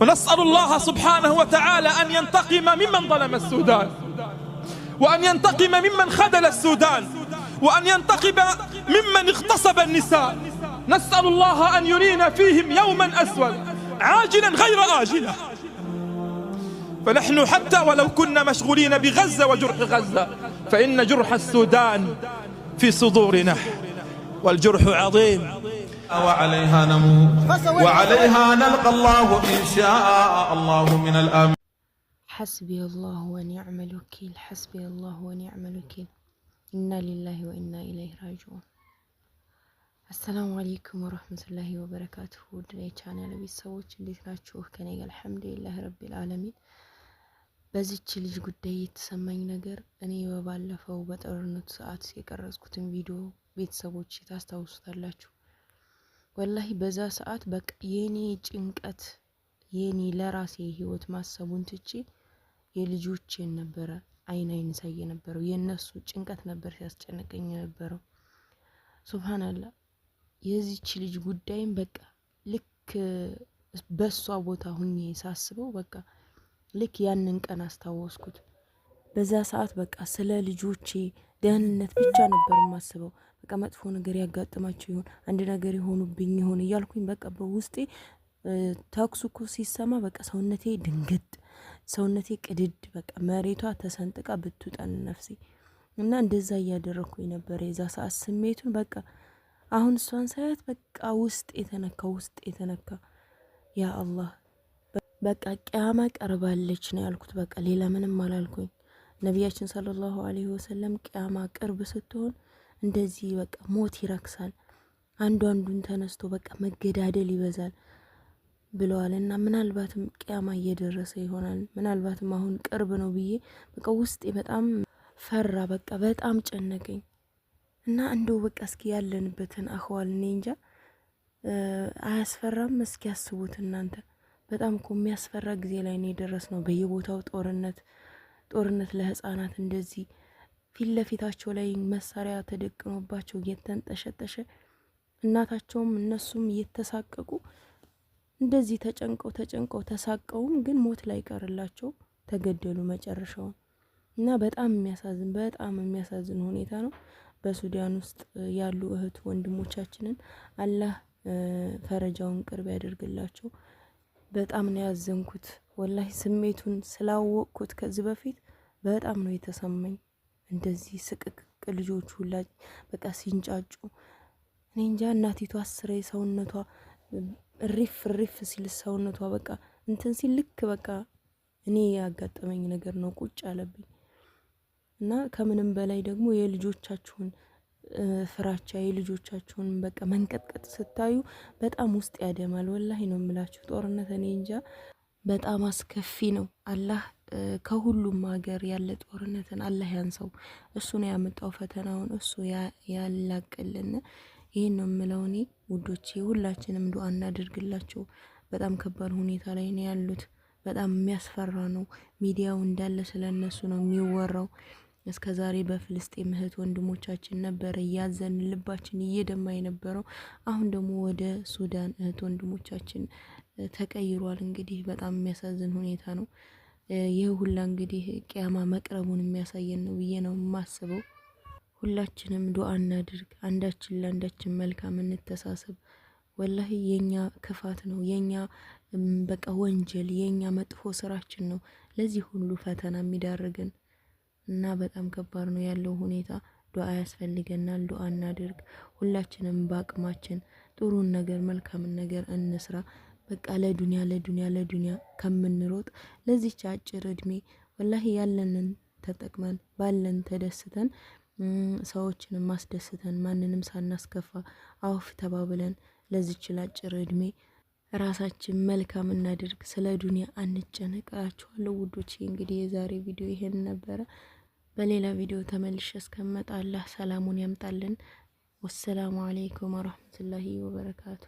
ونسأل الله سبحانه وتعالى أن ينتقم ممن ظلم السودان وأن ينتقم ممن خذل السودان وأن ينتقم ممن اغتصب النساء نسأل الله أن يرينا فيهم يوما أسود عاجلا غير آجلة فنحن حتى ولو كنا مشغولين بغزة وجرح غزة فإن جرح السودان في صدورنا والجرح عظيم وعليها نموت وعليها نلقى الله إن شاء الله من الآمن حسبي الله ونعم الوكيل حسبي الله ونعم الوكيل إنا لله وإنا إليه راجعون አሰላሙ አሌይኩም ወረህመቱላሂ ወበረካቱሁ ውድ የቻናል ቤተሰቦች እንዴት ናችሁ? ከኔ ጋር አልሐምዱሊላህ ረቢል አለሚን። በዚች ልጅ ጉዳይ የተሰማኝ ነገር እኔ በባለፈው በጦርነቱ ሰዓት የቀረጽኩትን ቪዲዮ ቤተሰቦች ታስታውሱታላችሁ። ወላሂ በዛ ሰዓት በቃ የኔ ጭንቀት የኔ ለራሴ ህይወት ማሰቡን ትቼ የልጆቼን ነበረ አይን አይን ሳይ የነበረው የእነሱ ጭንቀት ነበር ሲያስጨንቀኝ የነበረው። ሱብሃንአላህ የዚች ልጅ ጉዳይም በቃ ልክ በሷ ቦታ ሁኜ ሳስበው በቃ ልክ ያንን ቀን አስታወስኩት። በዛ ሰዓት በቃ ስለ ልጆቼ ደህንነት ብቻ ነበር የማስበው። በቃ መጥፎ ነገር ያጋጥማቸው ይሆን አንድ ነገር የሆኑብኝ ይሆን እያልኩኝ በቃ በውስጤ ተኩስ እኮ ሲሰማ በቃ ሰውነቴ ድንግጥ፣ ሰውነቴ ቅድድ፣ በቃ መሬቷ ተሰንጥቃ ብትውጠን ነፍሴ እና እንደዛ እያደረግኩኝ ነበር። የዛ ሰዓት ስሜቱን በቃ አሁን እሷን ሳያት በቃ ውስጥ የተነካ ውስጥ የተነካ ያ አላህ በቃ ቅያማ ቀርባለች ነው ያልኩት። በቃ ሌላ ምንም አላልኩኝ። ነቢያችን ሰለላሁ አለይሂ ወሰለም ቅያማ ቅርብ ስትሆን እንደዚህ በቃ ሞት ይረክሳል፣ አንዱ አንዱን ተነስቶ በቃ መገዳደል ይበዛል ብለዋል እና ምናልባትም ቅያማ እየደረሰ ይሆናል። ምናልባትም አሁን ቅርብ ነው ብዬ በቃ ውስጤ በጣም ፈራ፣ በቃ በጣም ጨነቀኝ እና እንደው በቃ እስኪ ያለንበትን አህዋል እኔ እንጃ አያስፈራም? እስኪ ያስቡት እናንተ። በጣም እኮ የሚያስፈራ ጊዜ ላይ ነው የደረስ ነው። በየቦታው ጦርነት ጦርነት ለህጻናት እንደዚህ ፊት ለፊታቸው ላይ መሳሪያ ተደቅኖባቸው እየተንጠሸጠሸ እናታቸውም እነሱም እየተሳቀቁ እንደዚህ ተጨንቀው ተጨንቀው ተሳቀውም ግን ሞት ላይ ቀርላቸው ተገደሉ መጨረሻውን እና በጣም የሚያሳዝን በጣም የሚያሳዝን ሁኔታ ነው። በሱዳን ውስጥ ያሉ እህት ወንድሞቻችንን አላህ ፈረጃውን ቅርብ ያደርግላቸው። በጣም ነው ያዘንኩት፣ ወላሂ ስሜቱን ስላወቅኩት ከዚህ በፊት በጣም ነው የተሰማኝ። እንደዚህ ስቅቅ ልጆች ሁላ በቃ ሲንጫጩ እኔ እንጃ። እናቲቱ አስሬ ሰውነቷ ሪፍ ሪፍ ሲል ሰውነቷ በቃ እንትን ሲል ልክ በቃ እኔ ያጋጠመኝ ነገር ነው፣ ቁጭ አለብኝ። እና ከምንም በላይ ደግሞ የልጆቻችሁን ፍራቻ የልጆቻችሁን በቃ መንቀጥቀጥ ስታዩ በጣም ውስጥ ያደማል። ወላሂ ነው የምላችሁ ጦርነት እኔ እንጃ። በጣም አስከፊ ነው። አላህ ከሁሉም ሀገር ያለ ጦርነትን አላህ ያንሰው። እሱ ነው ያመጣው ፈተናውን፣ እሱ ያላቅልን። ይህን ነው የምለው እኔ ውዶቼ። ሁላችንም ዱአ እናደርግላቸው። በጣም ከባድ ሁኔታ ላይ ነው ያሉት። በጣም የሚያስፈራ ነው። ሚዲያው እንዳለ ስለነሱ ነው የሚወራው። እስከ ዛሬ በፍልስጤም እህት ወንድሞቻችን ነበር እያዘን ልባችን እየደማ የነበረው። አሁን ደግሞ ወደ ሱዳን እህት ወንድሞቻችን ተቀይሯል። እንግዲህ በጣም የሚያሳዝን ሁኔታ ነው። ይህ ሁላ እንግዲህ ቅያማ መቅረቡን የሚያሳየን ነው ብዬ ነው የማስበው። ሁላችንም ዱአ እናድርግ። አንዳችን ለአንዳችን መልካም እንተሳሰብ። ወላሂ የኛ ክፋት ነው የኛ በቃ ወንጀል የኛ መጥፎ ስራችን ነው ለዚህ ሁሉ ፈተና የሚዳርግን። እና በጣም ከባድ ነው ያለው ሁኔታ። ዱዓ ያስፈልገናል። ዱዓ እናድርግ። ሁላችንም በአቅማችን ጥሩን ነገር መልካምን ነገር እንስራ። በቃ ለዱንያ ለዱንያ ለዱንያ ከምንሮጥ ለዚች አጭር እድሜ ወላሂ ያለንን ተጠቅመን ባለን ተደስተን ሰዎችንም ማስደስተን ማንንም ሳናስከፋ አውፍ ተባብለን ለዚች ላጭር እድሜ ራሳችን መልካም እናድርግ። ስለ ዱንያ አንጨነቅ እንግዲህ የዛሬ ቪዲዮ ይሄን ነበረ። በሌላ ቪዲዮ ተመልሼ እስከመጣ አላህ ሰላሙን ያምጣልን። ወሰላሙ አለይኩም ወረህመቱላሂ ወበረካቱ።